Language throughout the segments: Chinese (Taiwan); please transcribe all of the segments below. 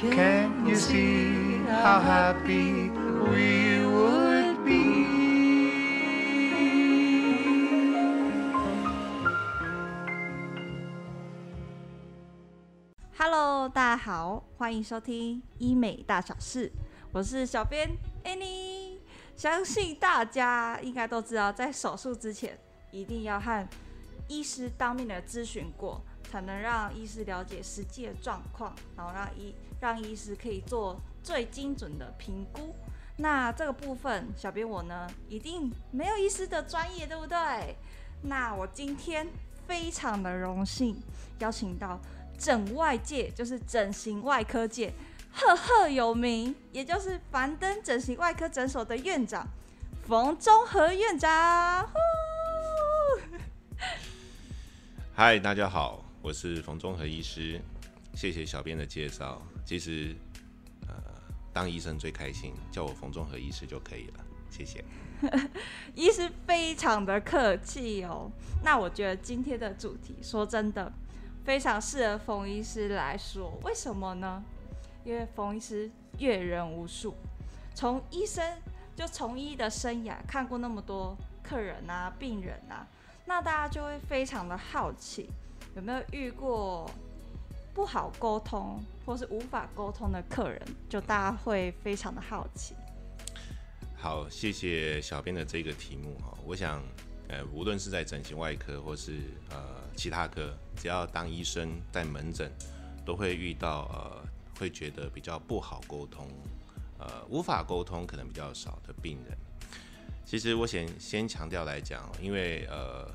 Can you see how happy we would be? Hello，大家好，歡迎收聽醫美大小事，我是小編 Annie。相信大家應該都知道，在手術之前一定要和醫師當面的諮詢過，才能讓醫師了解實際的狀況，然後讓醫讓醫師可以做最精準的評估。那這個部分，小編我呢，一定沒有醫師的專業，對不對？那我今天非常的榮幸，邀請到整外界，就是整形外科界赫赫有名，也就是凡登整形外科診所的院長馮中和院長。嗨，Hi, 大家好，我是馮中和醫師，謝謝小編的介紹。其實，呃，當醫生最開心，叫我馮中和醫師就可以了，謝謝。 醫師非常的客氣哦。那我覺得今天的主題，說真的，非常適合馮醫師來說，為什麼呢？因為馮醫師閱人無數，從醫生就從醫的生涯看過那麼多客人啊、病人啊，那大家就會非常的好奇，有沒有遇過不好溝通？都是無法溝通的客人，就大家會非常的好奇。好，謝謝小編的這個題目哈。我想，呃，無論是在整形外科，或是呃其他科，只要當醫生在門診，都會遇到呃會覺得比較不好溝通，呃無法溝通可能比較少的病人。其實我想先強調來講，因為呃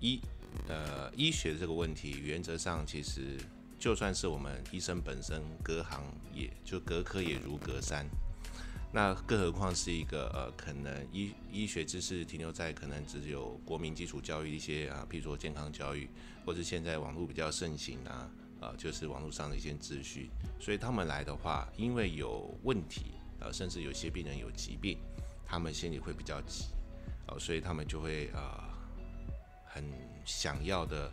醫呃醫學這個問題，原則上其實。就算是我們醫生本身，隔行也就隔科也如隔山，那更何況是一個呃，可能醫醫學知識停留在可能只有國民基礎教育一些啊，譬如說健康教育，或者現在網絡比較盛行啊，啊，就是網絡上的一些秩序。所以他們來的話，因為有問題，呃、啊，甚至有些病人有疾病，他們心裡會比較急，啊，所以他們就會呃、啊，很想要的。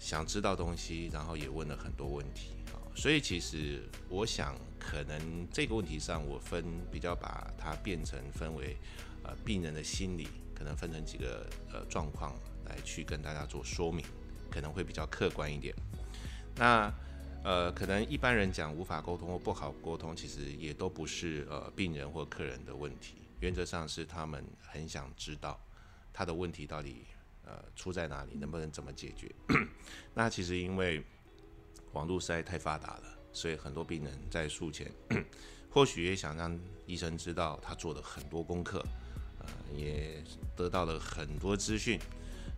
想知道東西，然後也問了很多問題啊，所以其實我想，可能這個問題上，我分比較把它變成分為，呃，病人的心理可能分成幾個呃狀況來去跟大家做說明，可能會比較客觀一點。那呃，可能一般人講無法溝通或不好溝通，其實也都不是呃病人或客人的問題，原則上是他們很想知道他的問題到底。呃，出在哪裡？能不能怎麼解決？ 那其實因為網絡實在太發達了，所以很多病人在術前或許也想讓醫生知道他做了很多功課，呃，也得到了很多資訊。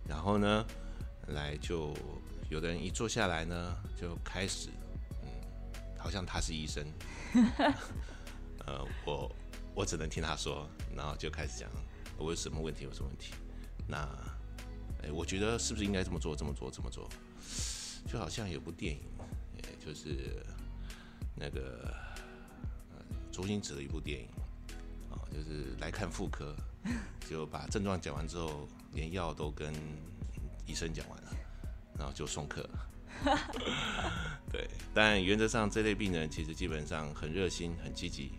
然後呢，來就有的人一坐下來呢，就開始，嗯，好像他是醫生， 呃，我我只能聽他說，然後就開始講我有什麼問題，有什麼問題，那。欸、我覺得是不是應該這麼做？這麼做？這麼做？就好像有部電影，欸、就是那個、呃、周星馳的一部電影、哦、就是來看婦科，就把症狀講完之後，連藥都跟醫生講完了，然後就送客。 對，但原則上這類病人其實基本上很熱心、很積極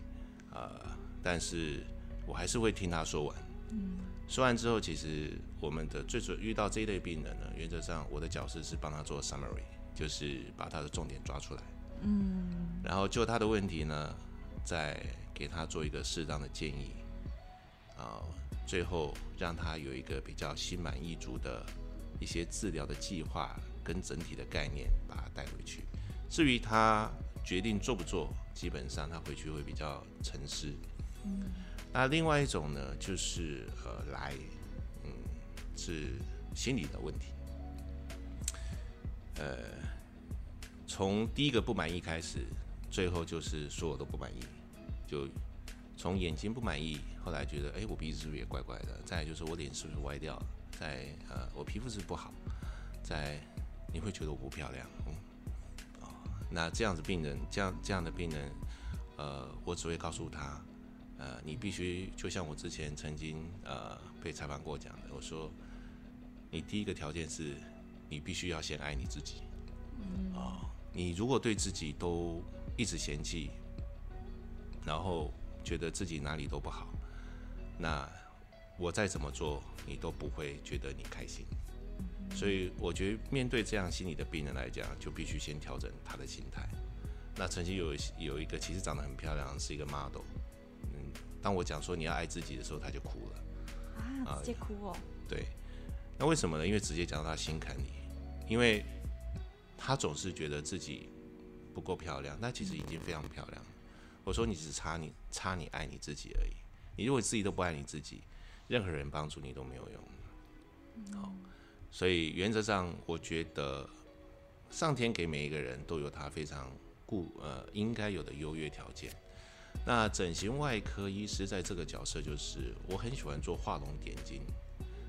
啊、呃，但是我還是會聽他說完。嗯。說完之後，其實我們的最初遇到這一類病人呢，原則上我的角色是幫他做 summary，就是把他的重點抓出來，嗯，然後就他的問題呢，再給他做一個適當的建議，啊，最後讓他有一個比較心滿意足的一些治療的計劃跟整體的概念，把他帶回去。至於他決定做不做，基本上他回去會比較沉思。嗯。那另外一種呢，就是呃來，嗯，是心理的問題，呃，從第一個不滿意開始，最後就是說我都不滿意，就從眼睛不滿意，後來覺得哎、欸，我鼻子也怪怪的，再就是我臉是不是歪掉了，再呃我皮膚是不好，再你會覺得我不漂亮，嗯，哦，那這樣子病人，這樣這樣的病人，呃，我只會告訴他。呃，你必須就像我之前曾經呃被採訪過講的，我說，你第一個條件是，你必須要先愛你自己。啊、嗯哦，你如果對自己都一直嫌棄，然後覺得自己哪裡都不好，那我再怎麼做，你都不會覺得你開心。所以我覺得面對這樣心理的病人來講，就必須先調整他的心態。那曾經有有一個其實長得很漂亮，是一個 model。當我講說你要愛自己的時候，他就哭了啊，直接哭哦。對，那為什麼呢？因為直接講到他心坎裡，因為他總是覺得自己不夠漂亮，他其實已經非常漂亮了。我說你只差你差你愛你自己而已。你如果自己都不愛你自己，任何人幫助你都沒有用。好、嗯哦，所以原則上我覺得上天給每一個人都有他非常固呃應該有的優越條件。那整形外科醫師在這個角色，就是我很喜歡做畫龍點睛，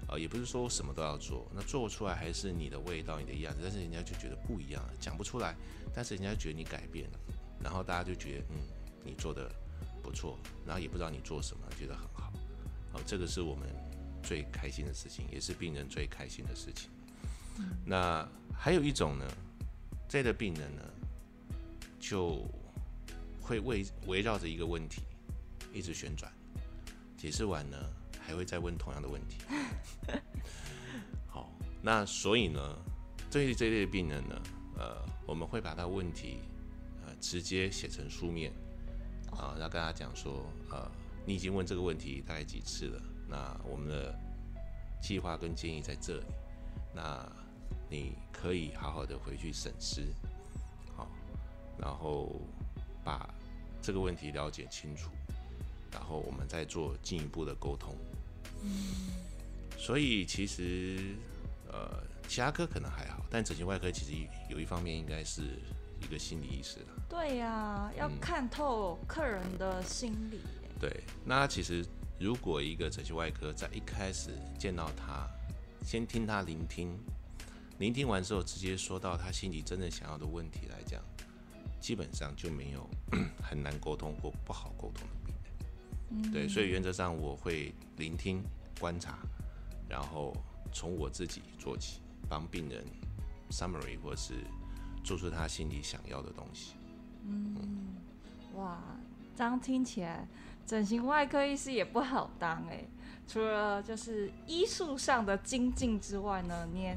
啊，也不是說我什麼都要做，那做出來還是你的味道，你的樣子，但是人家就覺得不一樣，講不出來，但是人家覺得你改變了，然後大家就覺得嗯，你做的不錯，然後也不知道你做什麼，覺得很好，這個是我們最開心的事情，也是病人最開心的事情。那還有一種呢，這個病人呢，就。會圍圍繞着一個問題一直旋轉，解釋完呢，還會再問同樣的問題。好，那所以呢，對於這類病人呢，呃，我們會把他問題呃直接寫成書面，啊，要跟他講說，呃，你已經問這個問題大概幾次了，那我們的計劃跟建議在這裡，那你可以好好的回去審視，好，然後。把這個問題了解清楚，然後我們再做進一步的溝通。嗯。所以其實，呃，其他科可能還好，但整形外科其實有一方面應該是一個心理意識了。對呀、啊，要看透客人的心理。嗯。對，那其實如果一個整形外科在一開始見到他，先聽他聆聽，聆聽完之後直接說到他心裡真正想要的問題來講。基本上就沒有很難溝通或不好溝通的病人，對、嗯，所以原則上我會聆聽、觀察，然後從我自己做起，幫病人 summary 或是做出他心裡想要的東西。嗯，哇，這樣聽起來整形外科醫師也不好當哎、欸，除了就是醫術上的精進之外呢，你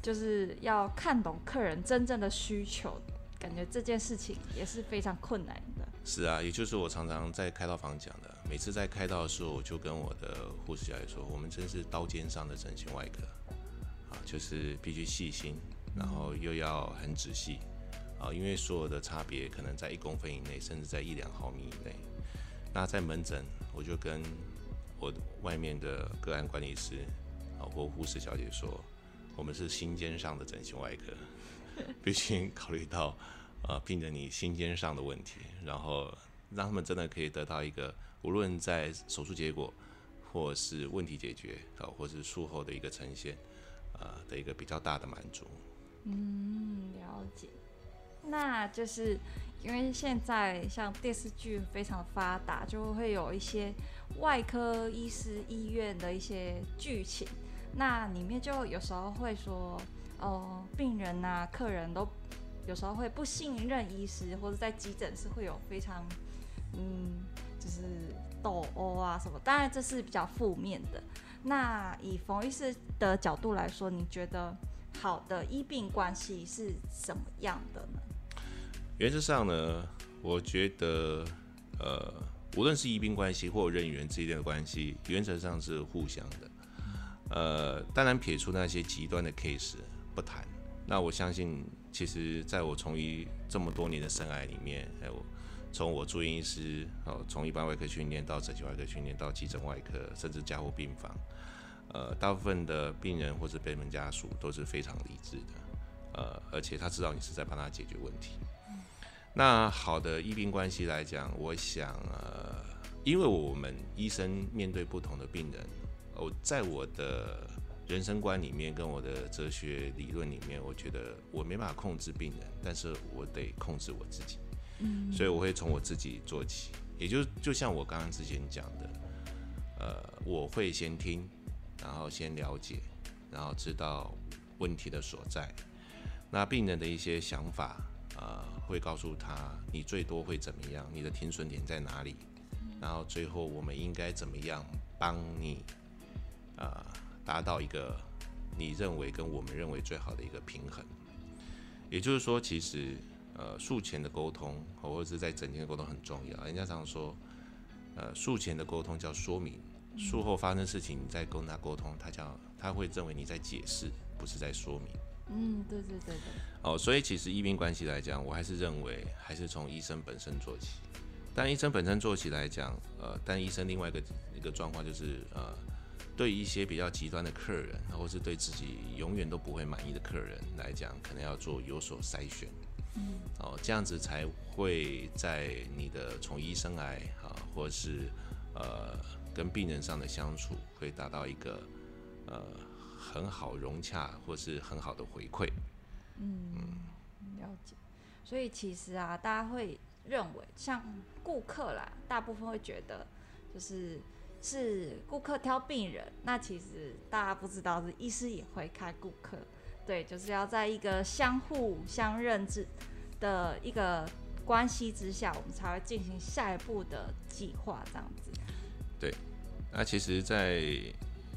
就是要看懂客人真正的需求。感覺這件事情也是非常困難的。是啊，也就是我常常在開刀房講的，每次在開刀的時候，我就跟我的護士小姐說，我們真是刀尖上的整形外科啊，就是必須細心，然後又要很仔細啊，因為所有的差別可能在一公分以內，甚至在一兩毫米以內。那在門診，我就跟我外面的個案管理師包括護士小姐說，我們是心尖上的整形外科。畢竟考慮到，呃，病人你心尖上的問題，然後讓他們真的可以得到一個，無論在手術結果，或是問題解決，啊，或是術後的一個呈現，啊、呃，的一個比較大的滿足。嗯，了解。那就是因為現在像電視劇非常發達，就會有一些外科醫師醫院的一些劇情，那裡面就有時候會說。哦，病人啊，客人都有時候會不信任醫師，或者在急診室會有非常嗯，就是鬥毆啊什麼。當然這是比較負面的。那以馮醫師的角度來說，你覺得好的醫病關係是什麼樣的呢？原則上呢，我覺得呃，無論是醫病關係或人員之間的關係，原則上是互相的。呃，當然撇除那些極端的 case。不談。那我相信，其實在我從醫這麼多年的生涯裡面，還有從我住院醫師哦，從一般外科訓練到整形外科訓練到急診外科，甚至加護病房，呃，大部分的病人或者病人家屬都是非常理智的，呃，而且他知道你是在幫他解決問題。嗯。那好的醫病關係來講，我想呃，因為我們醫生面對不同的病人，哦，在我的。人生觀裡面跟我的哲學理論裡面，我覺得我沒辦法控制病人，但是我得控制我自己。嗯，所以我會從我自己做起，也就就像我剛剛之前講的，呃，我會先聽，然後先了解，然後知道問題的所在。那病人的一些想法，啊、呃，會告訴他你最多會怎麼樣，你的停損點在哪裡，然後最後我們應該怎麼樣幫你，啊、呃。達到一個你認為跟我們認為最好的一個平衡，也就是說，其實呃術前的溝通或者是在整天的溝通很重要。人家常常說，呃術前的溝通叫說明，術後發生事情你再跟他溝通，他叫他會認為你在解釋，不是在說明。嗯，對對對對。哦，所以其實醫病關係來講，我還是認為還是從醫生本身做起。但醫生本身做起來講，呃，但醫生另外一個一個狀況就是呃。對一些比較極端的客人，或是對自己永遠都不會滿意的客人來講，可能要做有所篩選。嗯，哦，這樣子才會在你的從醫生涯啊，或是呃跟病人上的相處，會達到一個呃很好融洽，或是很好的回饋。嗯。嗯，了解。所以其實啊，大家會認為像顧客啦，大部分會覺得就是。是顧客挑病人，那其實大家不知道是醫師也會開顧客，對，就是要在一個相互相認知的一個關係之下，我們才會進行下一步的計劃這樣子。對，那其實，在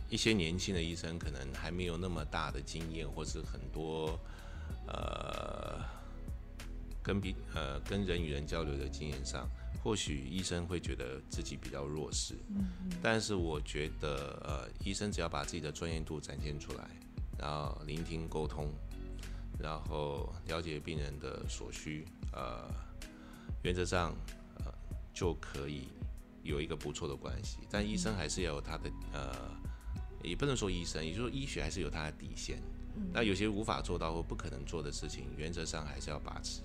一些年輕的醫生可能還沒有那麼大的經驗，或是很多呃跟病呃跟人與人交流的經驗上。或許醫生會覺得自己比較弱勢，但是我覺得，呃，醫生只要把自己的專業度展現出來，然後聆聽溝通，然後了解病人的所需，呃，原則上，呃，就可以有一個不錯的關係。但醫生還是要有他的，呃，也不能說醫生，也就是說，醫學還是有他的底線。那有些無法做到或不可能做的事情，原則上還是要把持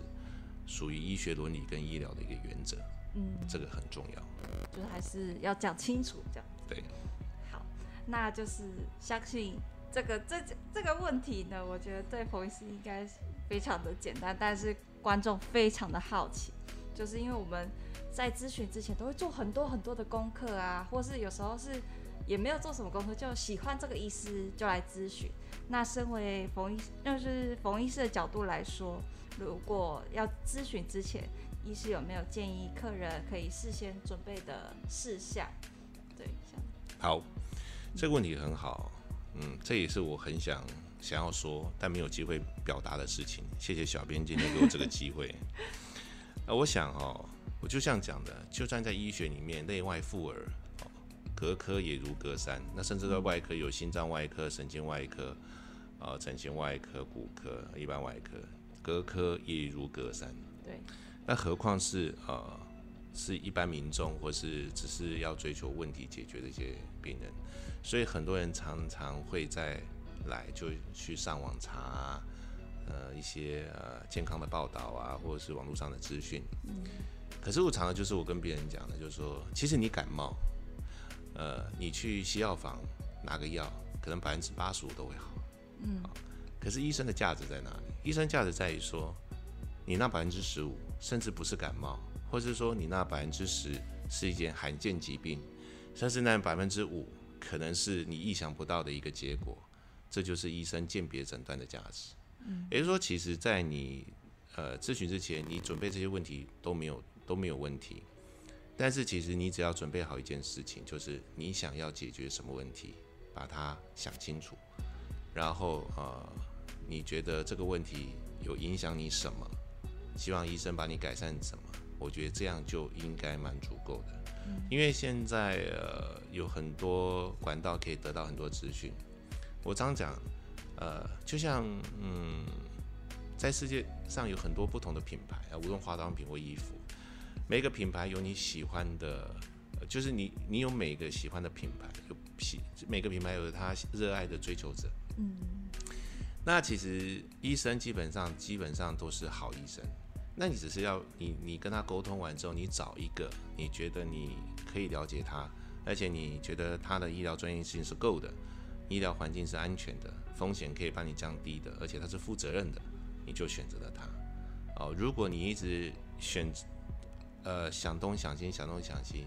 屬於醫學倫理跟醫療的一個原則。嗯，這個很重要，就是還是要講清楚，這樣對。好，那就是相信這個這這個問題呢，我覺得對馮醫師應該是非常的簡單，但是觀眾非常的好奇，就是因為我們在諮詢之前都會做很多很多的功課啊，或是有時候是也沒有做什麼功課，就喜歡這個醫師就來諮詢。那身為馮醫，就是馮醫師的角度來說，如果要諮詢之前，醫師有沒有建議客人可以事先準備的事項？對，好，這個問題很好，嗯，這也是我很想想要說，但沒有機會表達的事情。謝謝小編今天給我這個機會。那、 啊、我想哈、哦，我就這樣講的，就算在醫學裡面，內外婦兒，隔科也如隔山。那甚至在外科有心臟外科、神經外科、啊、呃，整形外科、骨科、一般外科，隔科也如隔山。對。那何況是呃，是一般民眾，或是只是要追求問題解決的一些病人，所以很多人常常會在來就去上網查啊，呃，一些呃健康的報道啊，或者是網絡上的資訊。可是我常常就是我跟別人講的，就是說，其實你感冒，呃，你去西藥房拿個藥，可能百分之八十五都會好。嗯。可是醫生的價值在哪裡？醫生價值在於說，你那百分之十五。甚至不是感冒，或是說你那百分之十是一件罕見疾病，甚至那百分之五可能是你意想不到的一個結果，這就是醫生鑑別診斷的價值。嗯，也就是說，其實，在你呃諮詢之前，你準備這些問題都沒有都沒有問題，但是其實你只要準備好一件事情，就是你想要解決什麼問題，把它想清楚，然後呃，你覺得這個問題有影響你什麼？希望醫生把你改善什麼？我覺得這樣就應該蠻足夠的。嗯，因為現在呃有很多管道可以得到很多資訊。我常講，呃，就像嗯，在世界上有很多不同的品牌啊，無論化妝品或衣服，每個品牌有你喜歡的，就是你你有每個喜歡的品牌，有喜每個品牌有他熱愛的追求者。嗯，那其實醫生基本上基本上都是好醫生。那你只是要你你跟他溝通完之後，你找一個你覺得你可以了解他，而且你覺得他的醫療專業性是夠的，醫療環境是安全的，風險可以幫你降低的，而且他是負責任的，你就選擇了他。哦，如果你一直選，呃想東想西想東想西，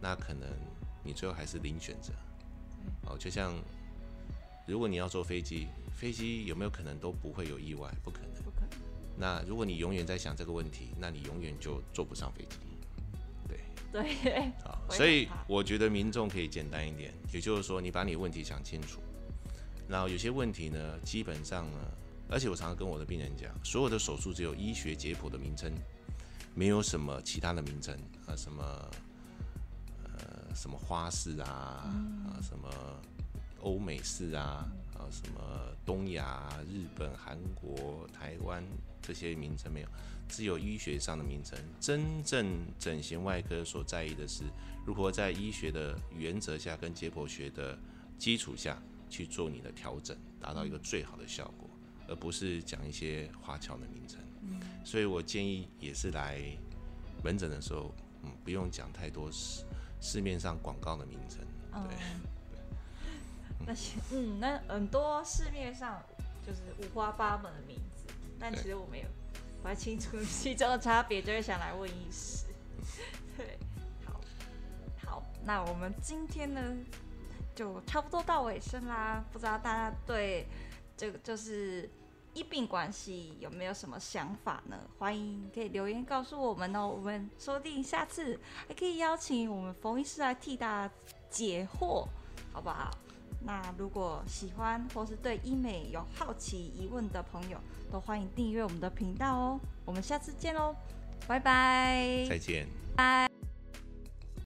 那可能你最後還是零選擇。哦，就像如果你要坐飛機，飛機有沒有可能都不會有意外？不可能。那如果你永遠在想這個問題，那你永遠就坐不上飛機。對，對，好，所以我覺得民眾可以簡單一點，也就是說，你把你的問題想清楚。然後有些問題呢，基本上呢，而且我常常跟我的病人講，所有的手術只有醫學解剖的名稱，沒有什麼其他的名稱啊，什麼呃，什麼花式啊，啊，什麼歐美式啊，啊，什麼東亞、日本、韓國、台灣。這些名稱沒有，只有醫學上的名稱。真正整形外科所在意的是，如何在醫學的原則下，跟解剖學的基礎下去做你的調整，達到一個最好的效果，而不是講一些花俏的名稱。所以我建議也是來門診的時候，嗯，不用講太多市市面上廣告的名稱，嗯。對，那些嗯，那很多市面上就是五花八門的名字。但其實我沒有不太清楚其中的差別， 就會想來問醫師。對，好，好，那我們今天呢，就差不多到尾聲啦。不知道大家對這個就，就是醫病關係有沒有什麼想法呢？歡迎可以留言告訴我們哦、喔。我們說不定下次還可以邀請我們馮醫師來替大家解惑，好不好？那如果喜歡或是對醫美有好奇疑問的朋友，都歡迎訂閱我們的頻道哦。我們下次見嘍，拜拜，再見，拜。